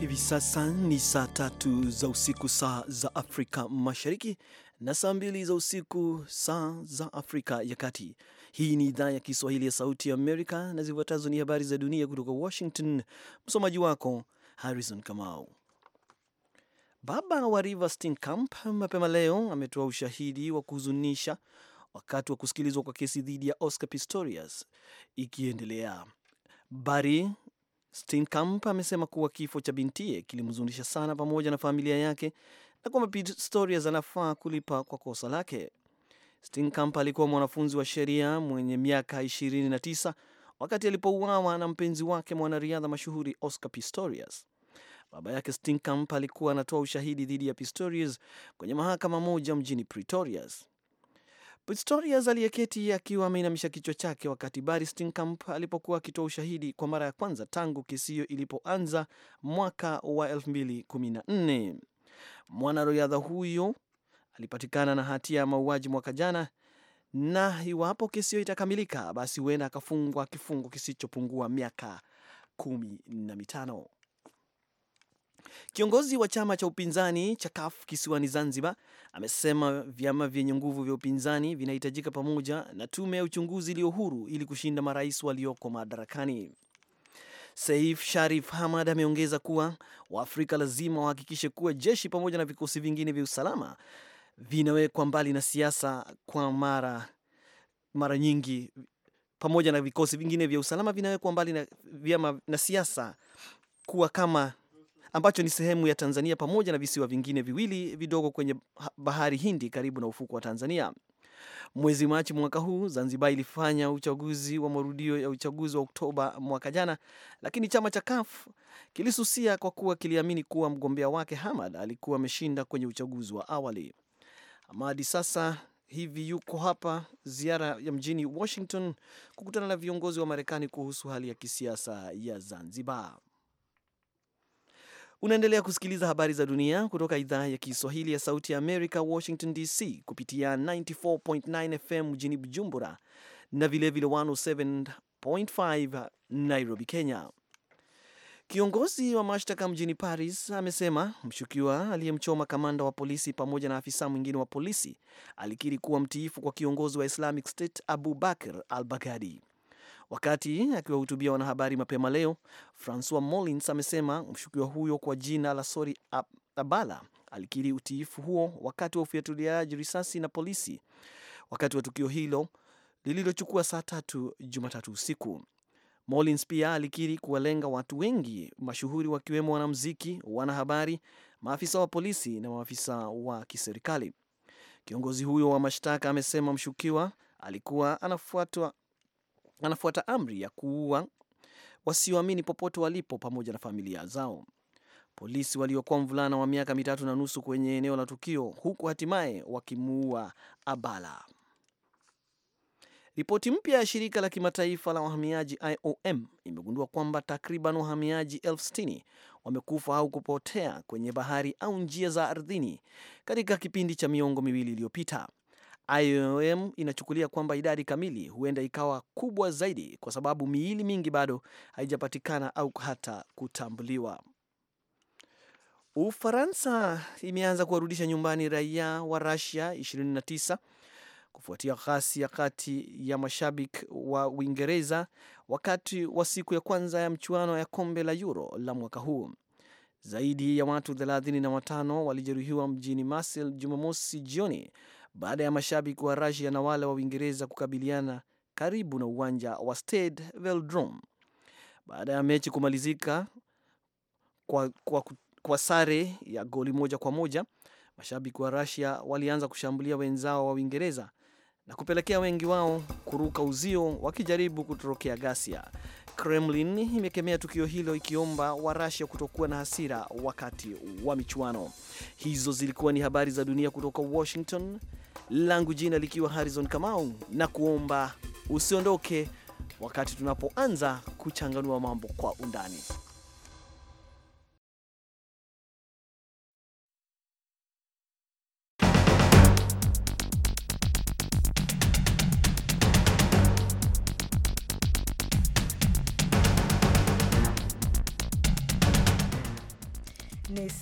Hivi sasa ni saa tatu za usiku saa za Afrika Mashariki na saa mbili za usiku saa za Afrika ya Kati. Hii ni idhaa ya Kiswahili ya Sauti ya Amerika na zifuatazo ni habari za dunia kutoka Washington. Msomaji wako Harrison Kamau. Baba wa River Steenkamp mapema leo ametoa ushahidi wa kuhuzunisha wakati wa kusikilizwa kwa kesi dhidi ya Oscar Pistorius ikiendelea. Bari Steenkamp amesema kuwa kifo cha bintie kilimhuzunisha sana pamoja na familia yake na kwamba Pistorius anafaa kulipa kwa kosa lake. Steenkamp alikuwa mwanafunzi wa sheria mwenye miaka 29 wakati alipouawa na mpenzi wake mwanariadha mashuhuri Oscar Pistorius. Baba yake Steenkamp alikuwa anatoa ushahidi dhidi ya Pistorius kwenye mahakama moja mjini Pretorius. Pistorius aliyeketi akiwa ameinamisha kichwa chake wakati Barry Steenkamp alipokuwa akitoa ushahidi kwa mara ya kwanza tangu kesi hiyo ilipoanza mwaka wa 2014. Mwanariadha huyo alipatikana na hatia ya mauaji mwaka jana, na iwapo kesi hiyo itakamilika, basi huenda akafungwa kifungo kisichopungua miaka kumi na mitano. Kiongozi wa chama cha upinzani cha CUF kisiwani Zanzibar amesema vyama vyenye nguvu vya upinzani vinahitajika pamoja na tume ya uchunguzi iliyo huru ili kushinda marais walioko madarakani. Saif Sharif Hamad ameongeza kuwa Waafrika lazima wahakikishe kuwa jeshi pamoja na vikosi vingine vya usalama vinawekwa mbali na siasa kwa mara, mara nyingi pamoja na vikosi vingine vya usalama vinawekwa mbali na, na siasa kuwa kama ambacho ni sehemu ya Tanzania pamoja na visiwa vingine viwili vidogo kwenye bahari Hindi karibu na ufuko wa Tanzania. Mwezi Machi mwaka huu Zanzibar ilifanya uchaguzi wa marudio ya uchaguzi wa Oktoba mwaka jana, lakini chama cha caf kilisusia kwa kuwa kiliamini kuwa mgombea wake Hamad alikuwa ameshinda kwenye uchaguzi wa awali. Hamadi sasa hivi yuko hapa ziara ya mjini Washington kukutana na viongozi wa Marekani kuhusu hali ya kisiasa ya Zanzibar. Unaendelea kusikiliza habari za dunia kutoka idhaa ya Kiswahili ya Sauti ya Amerika, Washington DC, kupitia 94.9 FM mjini Bujumbura na vilevile 107.5 Nairobi, Kenya. Kiongozi wa mashtaka mjini Paris amesema mshukiwa aliyemchoma kamanda wa polisi pamoja na afisa mwingine wa polisi alikiri kuwa mtiifu kwa kiongozi wa Islamic State Abu Bakr al Baghdadi. Wakati akiwahutubia wanahabari mapema leo, Francois Molins amesema mshukiwa huyo kwa jina la Sori Abala alikiri utiifu huo wakati wa ufiatuliaji risasi na polisi wakati wa tukio hilo lililochukua saa tatu Jumatatu usiku. Molins pia alikiri kuwalenga watu wengi mashuhuri wakiwemo wanamuziki, wanahabari, maafisa wa polisi na maafisa wa kiserikali. Kiongozi huyo wa mashtaka amesema mshukiwa alikuwa anafuatwa anafuata amri ya kuua wasioamini popote walipo pamoja na familia zao. Polisi waliokuwa mvulana wa miaka mitatu na nusu kwenye eneo la tukio, huku hatimaye wakimuua Abala. Ripoti mpya ya shirika la kimataifa la wahamiaji IOM imegundua kwamba takriban wahamiaji elfu sitini wamekufa au kupotea kwenye bahari au njia za ardhini katika kipindi cha miongo miwili iliyopita, IOM inachukulia kwamba idadi kamili huenda ikawa kubwa zaidi kwa sababu miili mingi bado haijapatikana au hata kutambuliwa. Ufaransa imeanza kuwarudisha nyumbani raia wa Russia 29 kufuatia ghasia kati ya mashabiki wa Uingereza wakati wa siku ya kwanza ya mchuano ya kombe la Euro la mwaka huu. Zaidi ya watu 35 walijeruhiwa mjini Marseille Jumamosi jioni baada ya mashabiki wa Rusia na wale wa Uingereza kukabiliana karibu na uwanja wa Stade Velodrome baada ya mechi kumalizika kwa, kwa, kwa sare ya goli moja kwa moja. Mashabiki wa Rusia walianza kushambulia wenzao wa Uingereza na kupelekea wengi wao kuruka uzio wakijaribu kutorokea ghasia. Kremlin imekemea tukio hilo ikiomba wa rasia kutokuwa na hasira wakati wa michuano. Hizo zilikuwa ni habari za dunia kutoka Washington langu jina likiwa Harrison Kamau, na kuomba usiondoke wakati tunapoanza kuchanganua mambo kwa undani.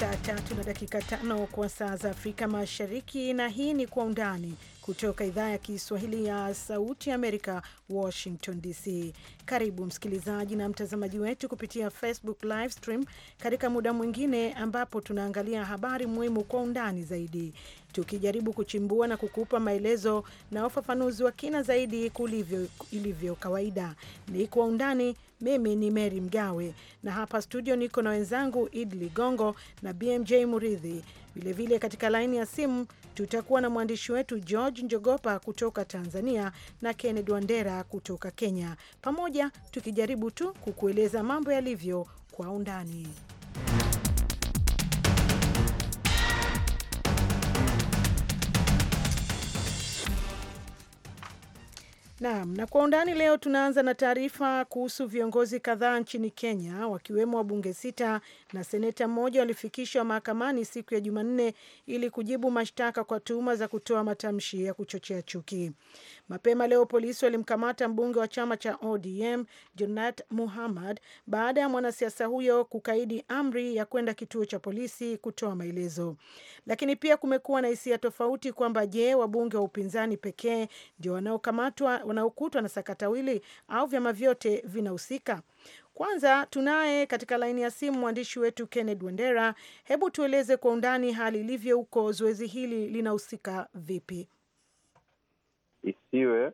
saa tatu na dakika tano kwa saa za Afrika Mashariki, na hii ni Kwa Undani kutoka idhaa ya Kiswahili ya Sauti Amerika, Washington DC. Karibu msikilizaji na mtazamaji wetu kupitia Facebook live stream katika muda mwingine ambapo tunaangalia habari muhimu kwa undani zaidi, tukijaribu kuchimbua na kukupa maelezo na ufafanuzi wa kina zaidi kulivyo ilivyo kawaida. Ni kwa undani. Mimi ni Mary Mgawe na hapa studio niko na wenzangu Idi Ligongo na BMJ Muridhi. Vilevile vile katika laini ya simu tutakuwa na mwandishi wetu George Njogopa kutoka Tanzania na Kennedy Wandera kutoka Kenya, pamoja tukijaribu tu kukueleza mambo yalivyo kwa undani. Naam, na kwa undani leo tunaanza na taarifa kuhusu viongozi kadhaa nchini Kenya wakiwemo wabunge sita na seneta mmoja walifikishwa mahakamani siku ya Jumanne ili kujibu mashtaka kwa tuhuma za kutoa matamshi ya kuchochea chuki. Mapema leo polisi walimkamata mbunge wa chama cha ODM Jonat Muhammad baada ya mwanasiasa huyo kukaidi amri ya kwenda kituo cha polisi kutoa maelezo. Lakini pia kumekuwa na hisia tofauti kwamba je, wabunge wa upinzani pekee ndio wanaokamatwa wanaokutwa na sakatawili au vyama vyote vinahusika? Kwanza tunaye katika laini ya simu mwandishi wetu Kenneth Wendera. Hebu tueleze kwa undani hali ilivyo huko, zoezi hili linahusika vipi? Isiwe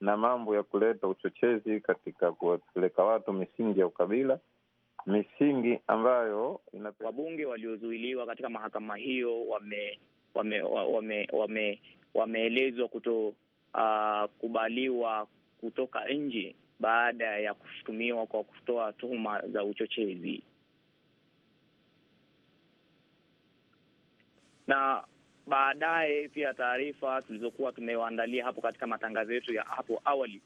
na mambo ya kuleta uchochezi katika kuwapeleka watu misingi ya ukabila misingi ambayo ina... wabunge waliozuiliwa katika mahakama hiyo wameelezwa wame, wame, wame kutokubaliwa ah, uh, kutoka nje baada ya kushutumiwa kwa kutoa tuhuma za uchochezi na baadaye pia taarifa tulizokuwa tumewaandalia hapo katika matangazo yetu ya hapo awali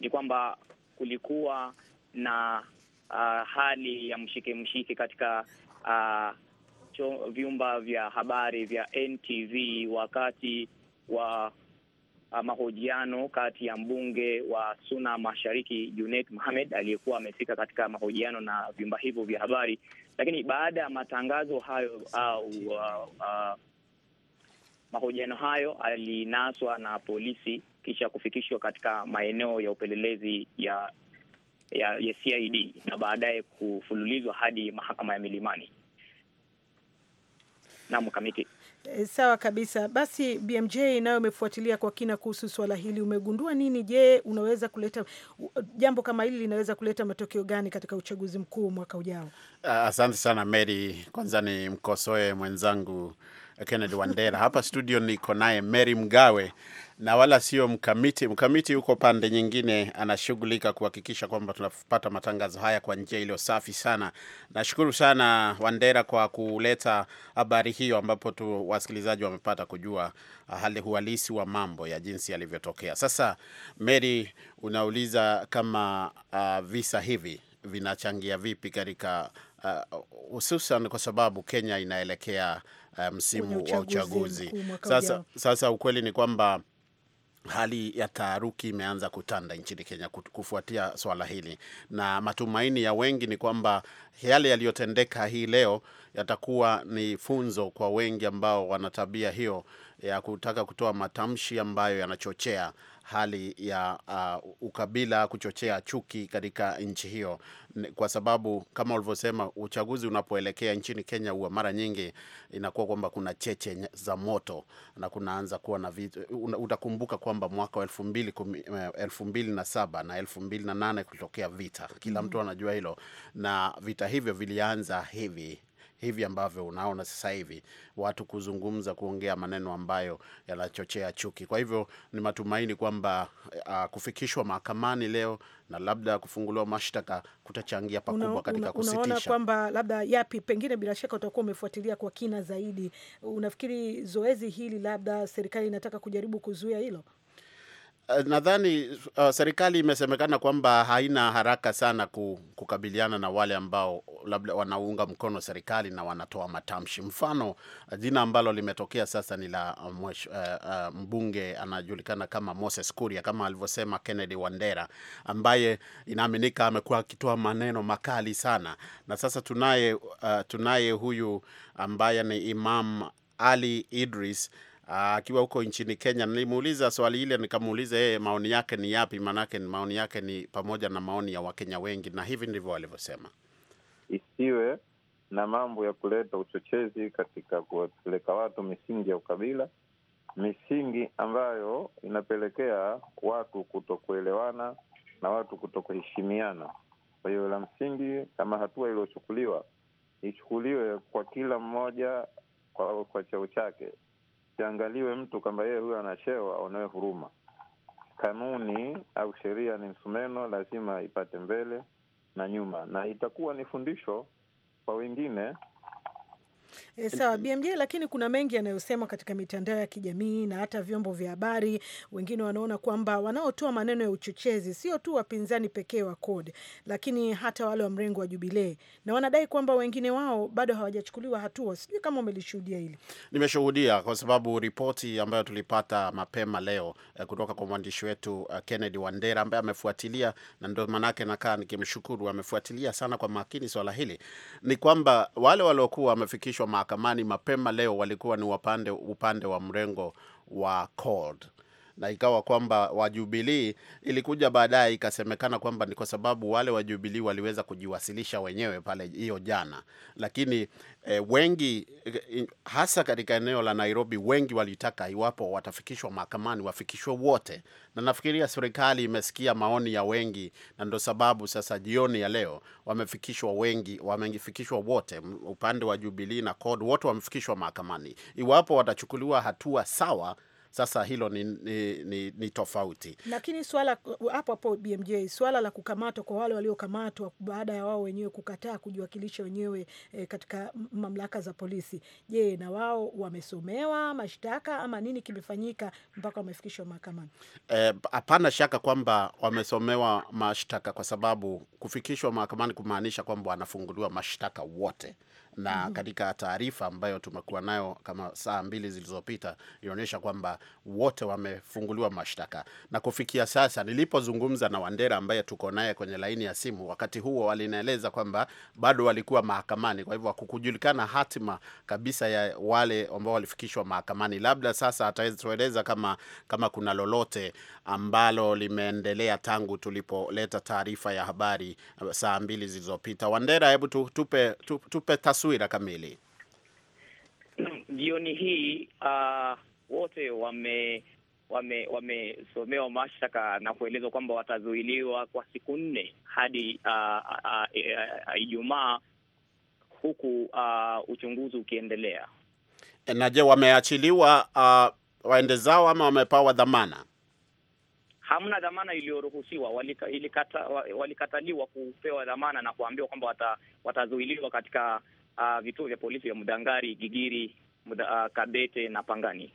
ni kwamba kulikuwa na uh, hali ya mshike mshike katika uh, cho, vyumba vya habari vya NTV wakati wa uh, mahojiano kati ya mbunge wa Suna Mashariki Junet Mohamed aliyekuwa amefika katika mahojiano na vyumba hivyo vya habari, lakini baada ya matangazo hayo au uh, uh, mahojiano hayo alinaswa na polisi kisha kufikishwa katika maeneo ya upelelezi ya ya, ya CID na baadaye kufululizwa hadi mahakama ya Milimani. Naam, kamiti eh, Sawa kabisa. Basi BMJ nayo umefuatilia kwa kina kuhusu swala hili, umegundua nini? Je, unaweza kuleta jambo kama hili linaweza kuleta matokeo gani katika uchaguzi mkuu mwaka ujao? Ah, asante sana Mary. Kwanza ni mkosoe mwenzangu Kennedy Wandera hapa studio niko naye Mary Mgawe na wala sio mkamiti. Mkamiti yuko pande nyingine, anashughulika kuhakikisha kwamba tunapata matangazo haya kwa njia iliyo safi sana. Nashukuru sana Wandera kwa kuleta habari hiyo, ambapo tu wasikilizaji wamepata kujua ah, hali uhalisi wa mambo ya jinsi yalivyotokea. Sasa Mary, unauliza kama uh, visa hivi vinachangia vipi katika ah, hususan uh, kwa sababu Kenya inaelekea msimu uchaguzi wa uchaguzi sasa, sasa ukweli ni kwamba Hali ya taharuki imeanza kutanda nchini Kenya kufuatia swala hili, na matumaini ya wengi ni kwamba yale yaliyotendeka hii leo yatakuwa ni funzo kwa wengi ambao wana tabia hiyo ya kutaka kutoa matamshi ambayo yanachochea hali ya uh, ukabila, kuchochea chuki katika nchi hiyo, kwa sababu kama ulivyosema, uchaguzi unapoelekea nchini Kenya huwa mara nyingi inakuwa kwamba kuna cheche za moto na kunaanza kuwa na vitu. Utakumbuka kwamba mwaka wa elfu mbili eh, elfu mbili na saba na elfu mbili na nane kulitokea vita, kila mm. mtu anajua hilo, na vita hivyo vilianza hivi hivi ambavyo unaona sasa hivi watu kuzungumza, kuongea maneno ambayo yanachochea chuki. Kwa hivyo ni matumaini kwamba uh, kufikishwa mahakamani leo na labda kufunguliwa mashtaka kutachangia pakubwa katika kusitisha. Unaona kwamba labda yapi, pengine bila shaka utakuwa umefuatilia kwa kina zaidi, unafikiri zoezi hili labda serikali inataka kujaribu kuzuia hilo? Eh, nadhani uh, serikali imesemekana kwamba haina haraka sana kukabiliana na wale ambao labda wanaunga mkono serikali na wanatoa matamshi. Mfano, jina ambalo limetokea sasa ni la uh, uh, mbunge anajulikana kama Moses Kuria, kama alivyosema Kennedy Wandera, ambaye inaaminika amekuwa akitoa maneno makali sana, na sasa tunaye uh, tunaye huyu ambaye ni Imam Ali Idris akiwa huko nchini Kenya. Nilimuuliza swali ile, nikamuuliza yeye maoni yake ni yapi, maanake maoni yake ni pamoja na maoni ya Wakenya wengi, na hivi ndivyo walivyosema: isiwe na mambo ya kuleta uchochezi katika kuwapeleka watu misingi ya ukabila, misingi ambayo inapelekea watu kutokuelewana na watu kutokuheshimiana. Kwa hiyo la msingi, kama hatua iliyochukuliwa ichukuliwe kwa kila mmoja kwa, kwa cheo chake siangaliwe mtu kwamba yeye huyo anachewa, aonewe huruma. Kanuni au sheria ni msumeno, lazima ipate mbele na nyuma, na itakuwa ni fundisho kwa wengine E, sawa BMJ, lakini kuna mengi yanayosema katika mitandao ya kijamii na hata vyombo vya habari. Wengine wanaona kwamba wanaotoa maneno ya uchochezi sio tu wapinzani pekee wa CORD, lakini hata wale wa mrengo wa Jubilee, na wanadai kwamba wengine wao bado hawajachukuliwa hatua. Sijui kama umelishuhudia hili. Nimeshuhudia kwa sababu ripoti ambayo tulipata mapema leo eh, kutoka kwa mwandishi wetu eh, Kennedy Wandera ambaye amefuatilia, na ndio manake nakaa nikimshukuru, amefuatilia sana kwa makini swala hili, ni kwamba wale waliokuwa wamefikishwa mahakamani mapema leo walikuwa ni upande, upande wa mrengo wa CORD na ikawa kwamba wajubilii ilikuja baadaye ikasemekana kwamba ni kwa sababu wale wajubilii waliweza kujiwasilisha wenyewe pale hiyo jana, lakini e, wengi eh, hasa katika eneo la Nairobi, wengi walitaka iwapo watafikishwa mahakamani wafikishwe wote, na nafikiria serikali imesikia maoni ya wengi, na ndo sababu sasa jioni ya leo wamefikishwa wengi, wamefikishwa wote, upande wa Jubilee na CORD wote wamefikishwa mahakamani. Iwapo watachukuliwa hatua sawa sasa hilo ni, ni, ni, ni tofauti. Lakini swala hapo hapo BMJ, swala la kukamatwa kwa wale waliokamatwa baada ya wao wenyewe kukataa kujiwakilisha wenyewe e, katika mamlaka za polisi, je, na wao wamesomewa mashtaka ama nini kimefanyika mpaka wamefikishwa mahakamani? Eh, hapana e, shaka kwamba wamesomewa mashtaka, kwa sababu kufikishwa mahakamani kumaanisha kwamba wanafunguliwa mashtaka wote na mm -hmm. Katika taarifa ambayo tumekuwa nayo kama saa mbili zilizopita inaonyesha kwamba wote wamefunguliwa mashtaka, na kufikia sasa nilipozungumza na Wandera ambaye tuko naye kwenye laini ya simu wakati huo, walinaeleza kwamba bado walikuwa mahakamani, kwa hivyo hakukujulikana hatima kabisa ya wale ambao walifikishwa mahakamani. Labda sasa atatueleza kama, kama kuna lolote ambalo limeendelea tangu tulipoleta taarifa ya habari uh, saa mbili zilizopita. Wandera, hebu tupe, tupe, tupe taswira kamili jioni hii. Uh, wote wame wamesomewa wame mashtaka na kuelezwa kwamba watazuiliwa kwa siku nne hadi ah, ah, eh, Ijumaa, huku uchunguzi ukiendelea. Eh, na je, wameachiliwa uh, waendezao ama wamepawa dhamana? Hamna dhamana iliyoruhusiwa, walikata, walikataliwa kupewa dhamana na kuambiwa kwamba watazuiliwa katika uh, vituo vya polisi vya Mudangari, Gigiri, muda, uh, Kabete na Pangani.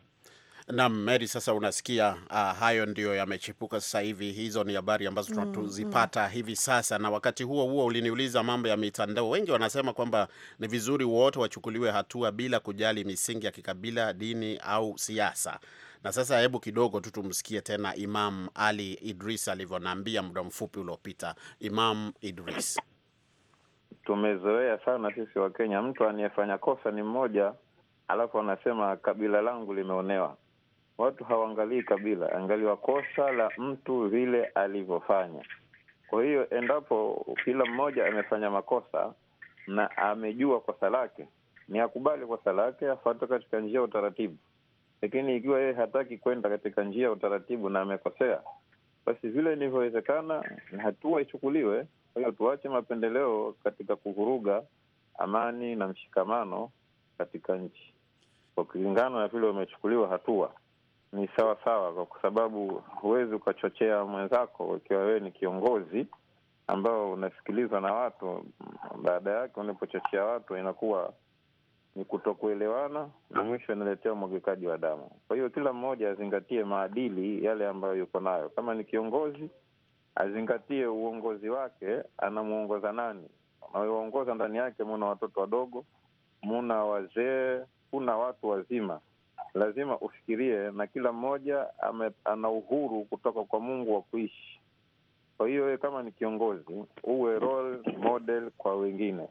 Naam, Mary, sasa unasikia uh, hayo ndio yamechipuka sasa hivi. Hizo ni habari ambazo mm, tunazipata mm, mm, hivi sasa. Na wakati huo huo uliniuliza mambo ya mitandao. Wengi wanasema kwamba ni vizuri wote wachukuliwe hatua bila kujali misingi ya kikabila, dini au siasa. Na sasa hebu kidogo tu tumsikie tena Imam Ali Idris alivyonaambia muda mfupi uliopita. Imam Idris tumezoea sana sisi Wakenya, mtu anayefanya kosa ni mmoja, alafu anasema kabila langu limeonewa. Watu hawaangalii kabila, angaliwa kosa la mtu vile alivyofanya. Kwa hiyo endapo kila mmoja amefanya makosa na amejua kosa lake, ni akubali kosa lake, afuate katika njia ya utaratibu. Lakini ikiwa yeye hataki kwenda katika njia ya utaratibu na amekosea, basi vile ilivyowezekana, hatua ichukuliwe kwa hiyo tuache mapendeleo katika kuvuruga amani na mshikamano katika nchi. Kwa na vile umechukuliwa hatua ni sawa sawa, kwa sababu huwezi ukachochea mwenzako ikiwa wewe ni kiongozi ambao unasikilizwa na watu. Baada yake unapochochea watu inakuwa ni kutokuelewana na mwisho inaletea umwagikaji wa damu. Kwa hiyo kila mmoja azingatie maadili yale ambayo yuko nayo. Kama ni kiongozi, azingatie uongozi wake, anamwongoza nani? Anaoongoza ndani yake muna watoto wadogo, muna wazee, kuna watu wazima. Lazima ufikirie, na kila mmoja ana uhuru kutoka kwa Mungu wa kuishi. Kwa hiyo kama ni kiongozi, uwe role model kwa wengine.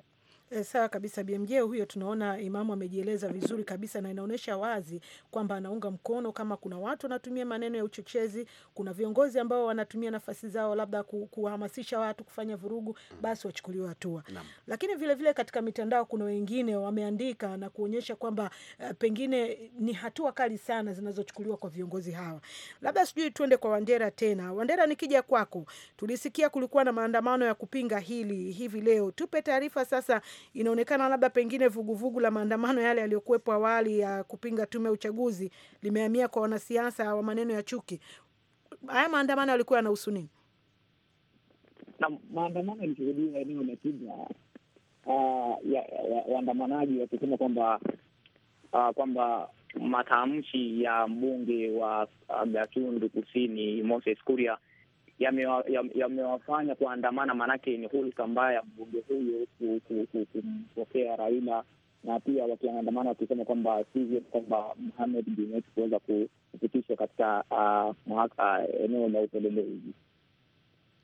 E, sawa kabisa BMJ, huyo tunaona imamu amejieleza vizuri kabisa, na inaonyesha wazi kwamba anaunga mkono kama kuna watu wanatumia maneno ya uchochezi, kuna viongozi ambao wanatumia nafasi zao labda kuhamasisha watu kufanya vurugu, basi wachukuliwe hatua. Lakini vile vile katika mitandao kuna wengine wameandika na kuonyesha kwamba uh, pengine ni hatua kali sana zinazochukuliwa kwa viongozi hawa. Labda sijui tuende kwa Wandera tena. Wandera, nikija kwako, tulisikia kulikuwa na maandamano ya kupinga hili hivi leo, tupe taarifa sasa inaonekana labda pengine vuguvugu vugu la maandamano yale yaliyokuwepo awali ya kupinga tume ya uchaguzi limehamia kwa wanasiasa wa maneno ya chuki. Haya maandamano yalikuwa yanahusu nini? Na maandamano yalishuhudia eneo la Tibra, ah, waandamanaji wakisema kwamba ah, kwamba matamshi ya mbunge wa ah, Gatundu Kusini Moses Kuria yamewafanya ya, ya kuandamana, maanake ni hulka mbaya mbunge huyo kumpokea Raila, na pia wakiandamana wakisema kwamba sivyo kwamba Mohamed Binet kuweza kupitishwa katika eneo la upelelezi.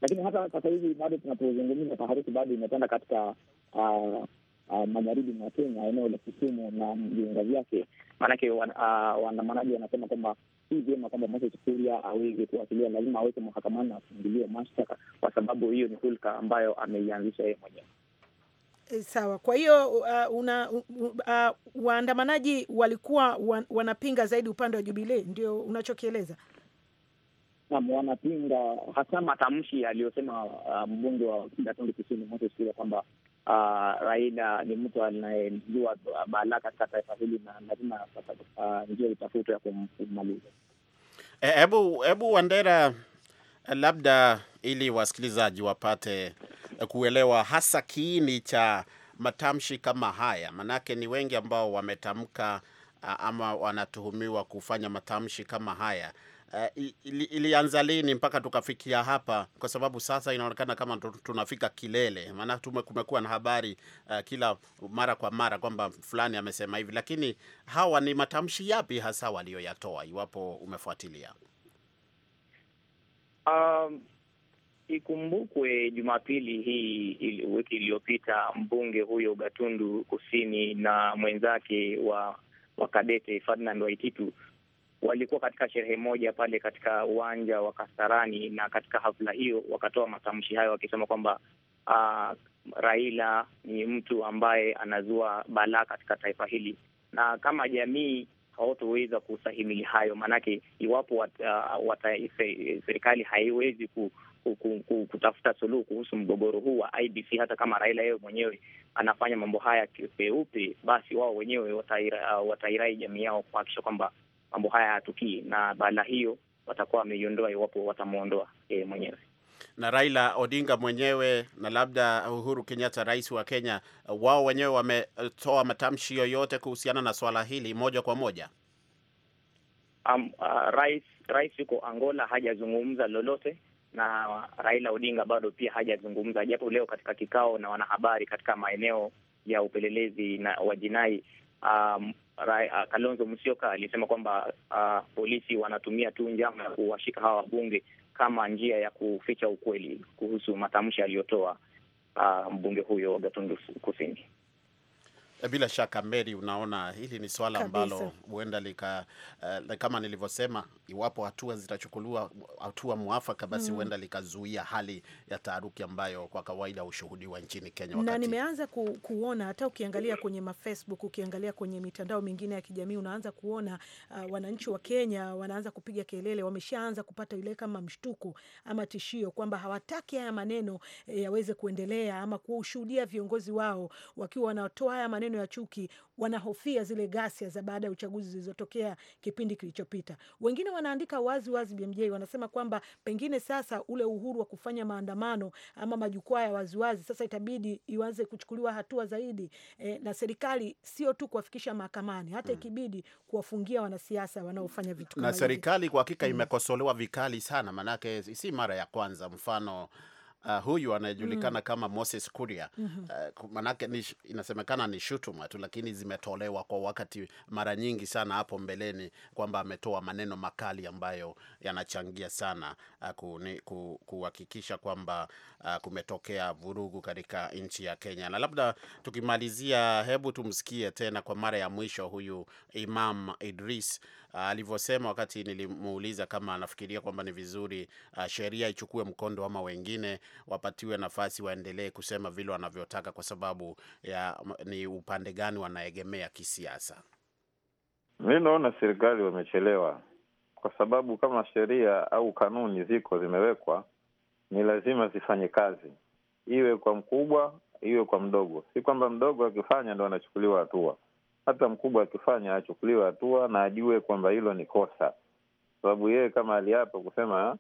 Lakini hata sasa hivi bado tunapozungumza, taharuki bado imetanda katika magharibi mwa Kenya, eneo la Kisumu na viunga vyake, maanake waandamanaji wanasema kwamba si vyema kwamba Moses Kuria aweze kuwasilia, lazima aweke mahakamani na afunguliwe mashtaka, kwa sababu hiyo ni hulka ambayo ameianzisha yeye mwenyewe. E, sawa. Kwa hiyo uh, una uh, uh, waandamanaji walikuwa wan, wanapinga zaidi upande wa Jubilee, ndio unachokieleza? Naam, wanapinga hasa matamshi aliyosema uh, mbunge wa Kidatundu Kusini Moses Kuria kwamba uh, Raila ni mtu anayejua bala katika taifa hili na lazima uh, njia itafutwa ya kummaliza. Eh, hebu e, hebu Wandera, labda ili wasikilizaji wapate kuelewa hasa kiini cha matamshi kama haya, manake ni wengi ambao wametamka ah, ama wanatuhumiwa kufanya matamshi kama haya uh, ili, ilianza lini mpaka tukafikia hapa? Kwa sababu sasa inaonekana kama tunafika kilele, maana kumekuwa na habari uh, kila mara kwa mara kwamba fulani amesema hivi, lakini hawa ni matamshi yapi hasa walioyatoa, iwapo umefuatilia? um... Ikumbukwe Jumapili hii ili, wiki iliyopita mbunge huyo Gatundu Kusini na mwenzake wa wa Kadete Ferdinand Waititu walikuwa katika sherehe moja pale katika uwanja wa Kasarani, na katika hafla hiyo wakatoa matamshi hayo wakisema kwamba uh, Raila ni mtu ambaye anazua balaa katika taifa hili, na kama jamii hawatoweza kustahimili hayo, maanake iwapo wat, uh, serikali haiwezi ku kutafuta suluhu kuhusu mgogoro huu wa IBC, hata kama Raila yeye mwenyewe anafanya mambo haya kipeupe, basi wao wenyewe watairai ah, jamii yao kuhakikisha kwamba mambo haya hayatukii, na baada hiyo watakuwa wameiondoa iwapo watamwondoa yeye mwenyewe na Raila Odinga mwenyewe na labda Uhuru Kenyatta, rais wa Kenya, wao wenyewe wametoa matamshi yoyote kuhusiana na swala hili moja kwa moja? Um, uh, rais rais yuko Angola hajazungumza lolote, na Raila Odinga bado pia hajazungumza, japo leo katika kikao na wanahabari katika maeneo ya upelelezi na wa jinai um, uh, Kalonzo Musyoka alisema kwamba uh, polisi wanatumia tu njama ya kuwashika hawa wabunge kama njia ya kuficha ukweli kuhusu matamshi aliyotoa uh, mbunge huyo wa Gatundu Kusini. Eh, bila shaka Mary, unaona hili ni swala ambalo huenda lika uh, kama nilivyosema, iwapo hatua zitachukuliwa, hatua mwafaka, basi mm. huenda mm, likazuia hali ya taharuki ambayo kwa kawaida hushuhudiwa nchini Kenya wakati. Na nimeanza ku, kuona hata ukiangalia kwenye mafacebook, ukiangalia kwenye mitandao mingine ya kijamii unaanza kuona uh, wananchi wa Kenya wanaanza kupiga kelele, wameshaanza kupata ile kama mshtuko ama tishio kwamba hawataki haya maneno eh, yaweze kuendelea ama kushuhudia viongozi wao wakiwa wanatoa haya maneno maneno ya chuki, wanahofia zile ghasia za baada ya uchaguzi zilizotokea kipindi kilichopita. Wengine wanaandika wazi wazi, BMJ wanasema kwamba pengine sasa ule uhuru wa kufanya maandamano ama majukwaa ya waziwazi sasa itabidi iwaze kuchukuliwa hatua zaidi e, na serikali sio tu kuwafikisha mahakamani, hata mm. ikibidi kuwafungia wanasiasa wanaofanya vitu na serikali kwa hakika mm. imekosolewa vikali sana, maanake si mara ya kwanza mfano uh, huyu anayejulikana mm. kama Moses Kuria mm -hmm. uh, manake ni, inasemekana ni shutuma tu, lakini zimetolewa kwa wakati mara nyingi sana hapo mbeleni kwamba ametoa maneno makali ambayo yanachangia sana uh, kuhakikisha kwamba uh, kumetokea vurugu katika nchi ya Kenya. Na labda tukimalizia, hebu tumsikie tena kwa mara ya mwisho huyu Imam Idris Ah, alivyosema wakati nilimuuliza kama anafikiria kwamba ni vizuri ah, sheria ichukue mkondo ama wengine wapatiwe nafasi waendelee kusema vile wanavyotaka, kwa sababu ya ni upande gani wanaegemea kisiasa. Mi naona serikali wamechelewa, kwa sababu kama sheria au kanuni ziko zimewekwa, ni lazima zifanye kazi, iwe kwa mkubwa iwe kwa mdogo. Si kwamba mdogo akifanya ndo anachukuliwa hatua hata mkubwa akifanya achukuliwe hatua na ajue kwamba hilo ni kosa, sababu yeye kama aliapa kusema ah,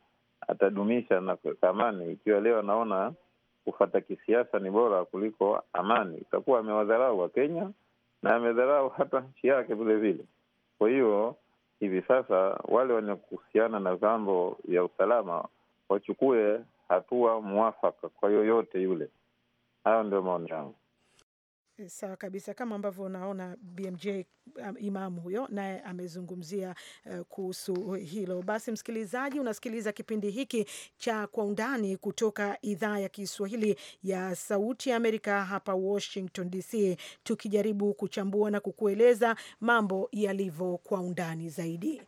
atadumisha na amani, ikiwa leo anaona kufata kisiasa ni bora kuliko amani, itakuwa amewadharau wa kenya na amedharau hata nchi yake vilevile. Kwa hiyo hivi sasa wale kuhusiana na vyombo vya usalama wachukue hatua mwafaka kwa yoyote yule. Hayo ndio maoni yangu. Sawa kabisa, kama ambavyo unaona BMJ um, Imamu huyo naye amezungumzia uh, kuhusu hilo. Basi msikilizaji, unasikiliza kipindi hiki cha Kwa Undani kutoka idhaa ya Kiswahili ya Sauti ya Amerika hapa Washington DC, tukijaribu kuchambua na kukueleza mambo yalivyo kwa undani zaidi.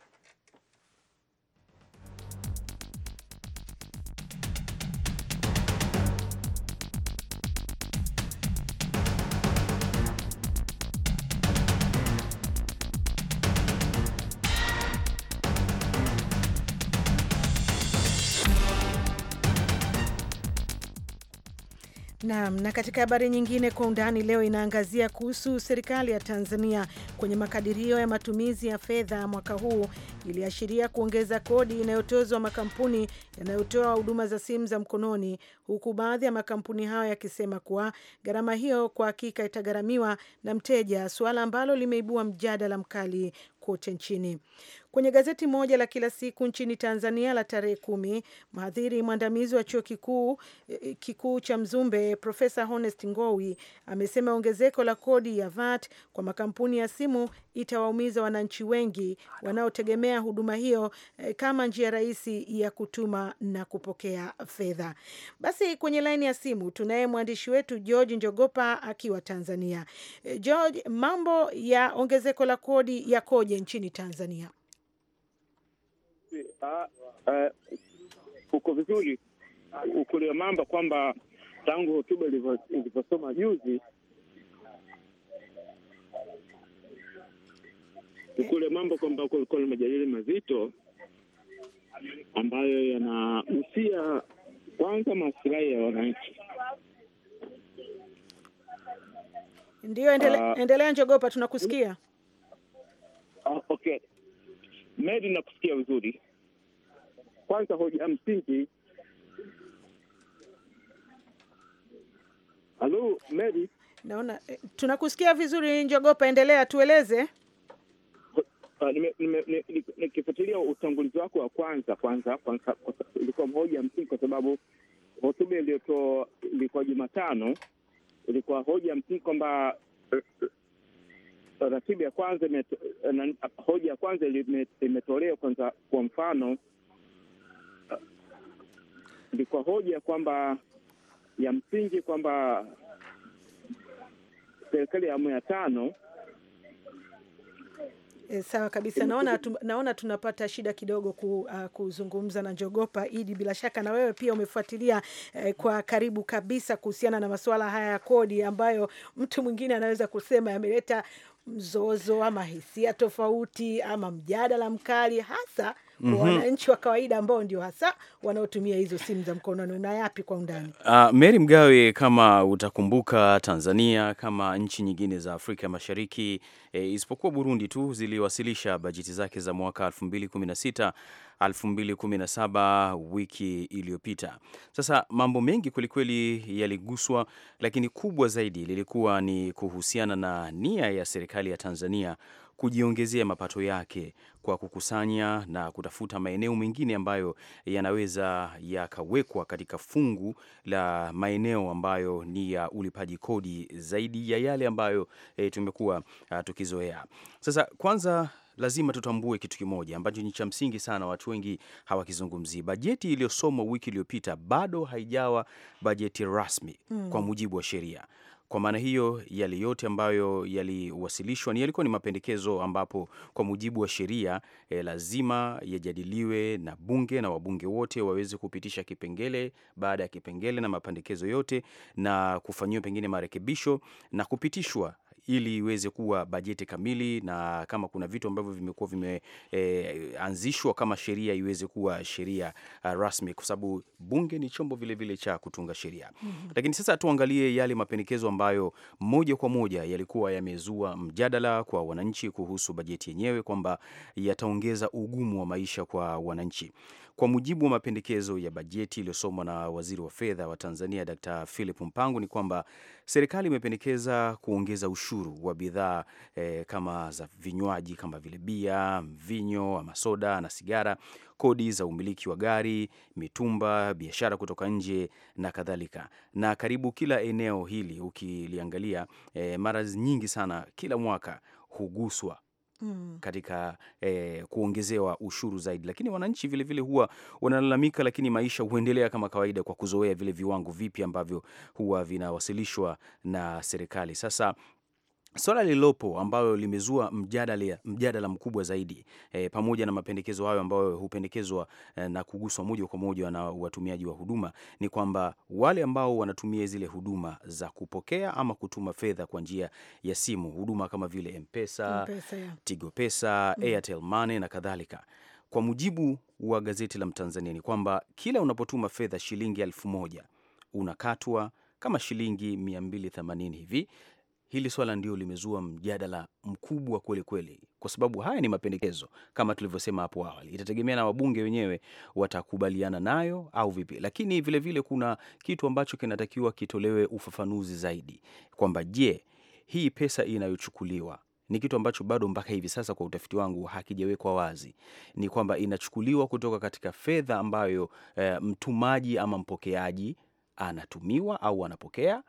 Naam, na katika habari nyingine kwa undani leo inaangazia kuhusu serikali ya Tanzania kwenye makadirio ya matumizi ya fedha mwaka huu iliashiria kuongeza kodi inayotozwa makampuni yanayotoa huduma za simu za mkononi, huku baadhi ya makampuni hayo yakisema kuwa gharama hiyo kwa hakika itagharamiwa na mteja, suala ambalo limeibua mjadala mkali kote nchini. Kwenye gazeti moja la kila siku nchini Tanzania la tarehe kumi, mhadhiri mwandamizi wa chuo kikuu eh, eh, kikuu cha Mzumbe Profesa Honest Ngowi amesema ongezeko la kodi ya VAT kwa makampuni ya simu itawaumiza wananchi wengi wanaotegemea huduma hiyo eh, kama njia rahisi ya kutuma na kupokea fedha. Basi kwenye laini ya simu tunaye mwandishi wetu George Njogopa akiwa Tanzania. George, mambo ya ongezeko la kodi yakoje? moja nchini Tanzania? Eh, eh, uko vizuri, ukweli mamba kwamba tangu hotuba ilivyosoma juzi ukule mambo kwamba kulikuwa na majadili mazito ambayo yanahusia kwanza maslahi ya wananchi. Ndiyo, endelea, uh, endelea Njogopa, tunakusikia. Ah, okay, Meri, nakusikia vizuri. Kwanza hoja msingi. Halo Meri, naona eh, tunakusikia vizuri. Njogopa, endelea, tueleze. Ah, nikifuatilia utangulizi wako wa kwanza kwanza, ilikuwa hoja ya msingi, kwa sababu hotuba iliyotoa ilikuwa Jumatano, ilikuwa hoja ya msingi kwamba rasimu ya kwanza na, hoja ya kwanza imetolewa kwanza, kwa mfano uh, ni kwa hoja kwamba ya msingi kwamba serikali ya awamu ya tano E, sawa kabisa. Naona, tu, naona tunapata shida kidogo ku, uh, kuzungumza na Njogopa Idi. Bila shaka na wewe pia umefuatilia eh, kwa karibu kabisa kuhusiana na masuala haya ya kodi ambayo mtu mwingine anaweza kusema yameleta mzozo ama hisia tofauti ama mjadala mkali hasa kwa mhm. wananchi wa kawaida ambao ndio hasa wanaotumia hizo simu za mkononi, na yapi kwa undani? Uh, Mary Mgawe, kama utakumbuka, Tanzania kama nchi nyingine za Afrika Mashariki e, isipokuwa Burundi tu ziliwasilisha bajeti zake za mwaka 2016 2017 wiki iliyopita. Sasa mambo mengi kwelikweli yaliguswa, lakini kubwa zaidi lilikuwa ni kuhusiana na nia ya serikali ya Tanzania kujiongezea mapato yake kwa kukusanya na kutafuta maeneo mengine ambayo yanaweza yakawekwa katika fungu la maeneo ambayo ni ya ulipaji kodi zaidi ya yale ambayo e, tumekuwa ah, tukizoea. Sasa kwanza lazima tutambue kitu kimoja ambacho ni cha msingi sana, watu wengi hawakizungumzii. Bajeti iliyosomwa wiki iliyopita bado haijawa bajeti rasmi mm, kwa mujibu wa sheria. Kwa maana hiyo yale yote ambayo yaliwasilishwa ni yalikuwa ni mapendekezo, ambapo kwa mujibu wa sheria e, lazima yajadiliwe na bunge na wabunge wote waweze kupitisha kipengele baada ya kipengele na mapendekezo yote na kufanyiwa pengine marekebisho na kupitishwa ili iweze kuwa bajeti kamili, na kama kuna vitu ambavyo vimekuwa vimeanzishwa eh, e, kama sheria iweze kuwa sheria uh, rasmi, kwa sababu bunge ni chombo vilevile cha kutunga sheria mm -hmm. Lakini sasa tuangalie yale mapendekezo ambayo moja kwa moja yalikuwa yamezua mjadala kwa wananchi kuhusu bajeti yenyewe kwamba yataongeza ugumu wa maisha kwa wananchi. Kwa mujibu wa mapendekezo ya bajeti iliyosomwa na waziri wa fedha wa Tanzania Dr. Philip Mpango ni kwamba serikali imependekeza kuongeza ushuru wa bidhaa e, kama za vinywaji kama vile bia, mvinyo ama soda na sigara, kodi za umiliki wa gari, mitumba, biashara kutoka nje na kadhalika. Na karibu kila eneo hili ukiliangalia, e, mara nyingi sana kila mwaka huguswa mm. katika eh, kuongezewa ushuru zaidi, lakini wananchi vilevile huwa wanalalamika, lakini maisha huendelea kama kawaida kwa kuzoea vile viwango vipya ambavyo huwa vinawasilishwa na serikali. Sasa Swala lililopo ambayo limezua mjadala, mjadala mkubwa zaidi e, pamoja na mapendekezo hayo ambayo hupendekezwa e, na kuguswa moja kwa moja na watumiaji wa huduma ni kwamba wale ambao wanatumia zile huduma za kupokea ama kutuma fedha kwa njia ya simu, huduma kama vile Mpesa, Mpesa yeah. Tigo Pesa mm. Airtel Money na kadhalika kwa mujibu wa gazeti la Mtanzania ni kwamba kila unapotuma fedha shilingi elfu moja unakatwa kama shilingi 280 hivi hili swala ndio limezua mjadala mkubwa kweli kweli, kwa sababu haya ni mapendekezo kama tulivyosema hapo awali. Itategemea na wabunge wenyewe watakubaliana nayo au vipi, lakini vilevile vile kuna kitu ambacho kinatakiwa kitolewe ufafanuzi zaidi kwamba je, hii pesa inayochukuliwa ni kitu ambacho bado mpaka hivi sasa kwa utafiti wangu hakijawekwa wazi, ni kwamba inachukuliwa kutoka katika fedha ambayo e, mtumaji ama mpokeaji anatumiwa au anapokea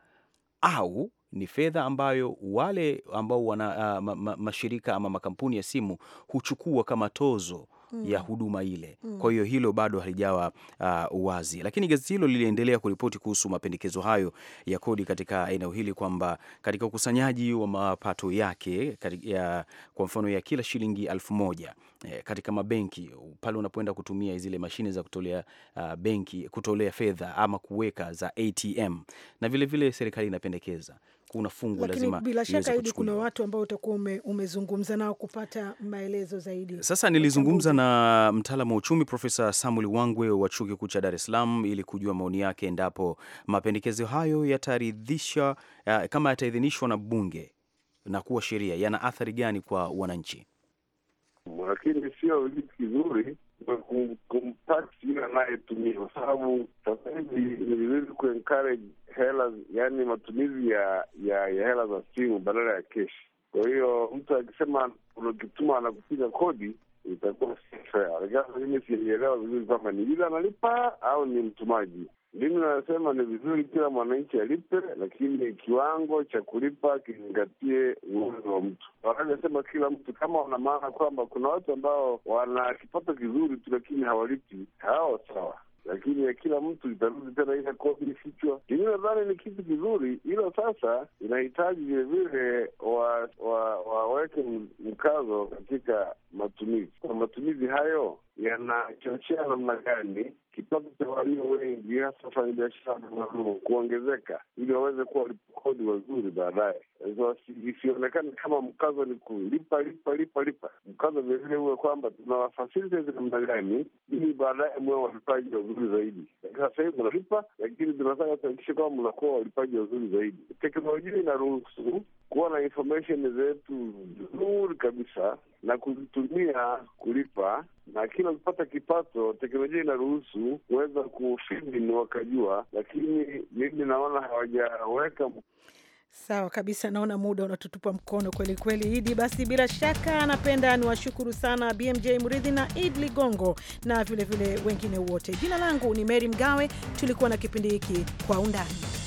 au ni fedha ambayo wale ambao wana uh, ma, ma, mashirika ama makampuni ya simu huchukua kama tozo Mm. ya huduma ile mm. Kwa hiyo hilo bado halijawa uh, wazi, lakini gazeti hilo liliendelea kuripoti kuhusu mapendekezo hayo ya kodi katika eneo hili kwamba katika ukusanyaji wa mapato yake ya, kwa mfano ya kila shilingi elfu moja eh, katika mabenki pale unapoenda kutumia zile mashine za kutolea uh, benki kutolea fedha ama kuweka za ATM, na vilevile vile serikali inapendekeza utakuwa unafungwa lazima. Bila shaka hidi, kuna watu ambao utakuwa ume, umezungumza nao kupata maelezo zaidi. Sasa nilizungumza na mtaalamu wa uchumi Profesa Samuel Wangwe wa Chuo Kikuu cha Dar es Salaam ili kujua maoni yake endapo mapendekezo hayo yataridhisha, ya, eh, kama yataidhinishwa na bunge na kuwa sheria, yana athari gani kwa wananchi? Lakini sio kizuri kumtaksi yule anayetumia, kwa sababu sasa hivi ni vizuri kuencourage hela, yani matumizi ya ya ya hela za simu badala ya keshi. Kwa hiyo mtu akisema unakituma anakupiga kodi itakuwa si fair. Lakini mimi sielewa vizuri kwamba ni yule analipa au ni mtumaji. Mimi nasema ni vizuri kila mwananchi alipe, lakini kiwango cha kulipa kizingatie uwezo wa mtu. Wanasema kila mtu, kama wana maana kwamba kuna watu ambao wana kipato kizuri tu lakini hawalipi, hao sawa lakini ya kila mtu itarudi tena ile kodi ifichwa. Mimi nadhani ni kitu kizuri, ila sasa inahitaji vilevile waweke wa, wa mkazo katika matumizi. Kwa matumizi hayo yanachochea namna gani kipato cha walio wengi hasa wafanyabiashara maalum kuongezeka ili waweze kuwa walipokodi wazuri baadaye, isionekane kama mkazo ni kulipa lipa lipa lipa. Mkazo vilevile huwe kwamba tunawafasiliteti namna gani ili baadaye mwe walipaji wazuri zaidi. Lakini sasa hivi mnalipa, lakini tunataka tuhakikishe kwamba mnakuwa walipaji wazuri zaidi. Teknolojia inaruhusu kuwa na information zetu zuri kabisa na kuzitumia kulipa, na kila kupata kipato, teknolojia inaruhusu kuweza kufidi wakajua, lakini mimi naona hawajaweka Sawa kabisa, naona muda unatutupa mkono kweli kweli, Idi. Basi bila shaka, napenda niwashukuru sana BMJ Mridhi na Id Ligongo na vilevile vile wengine wote. Jina langu ni Meri Mgawe, tulikuwa na kipindi hiki kwa undani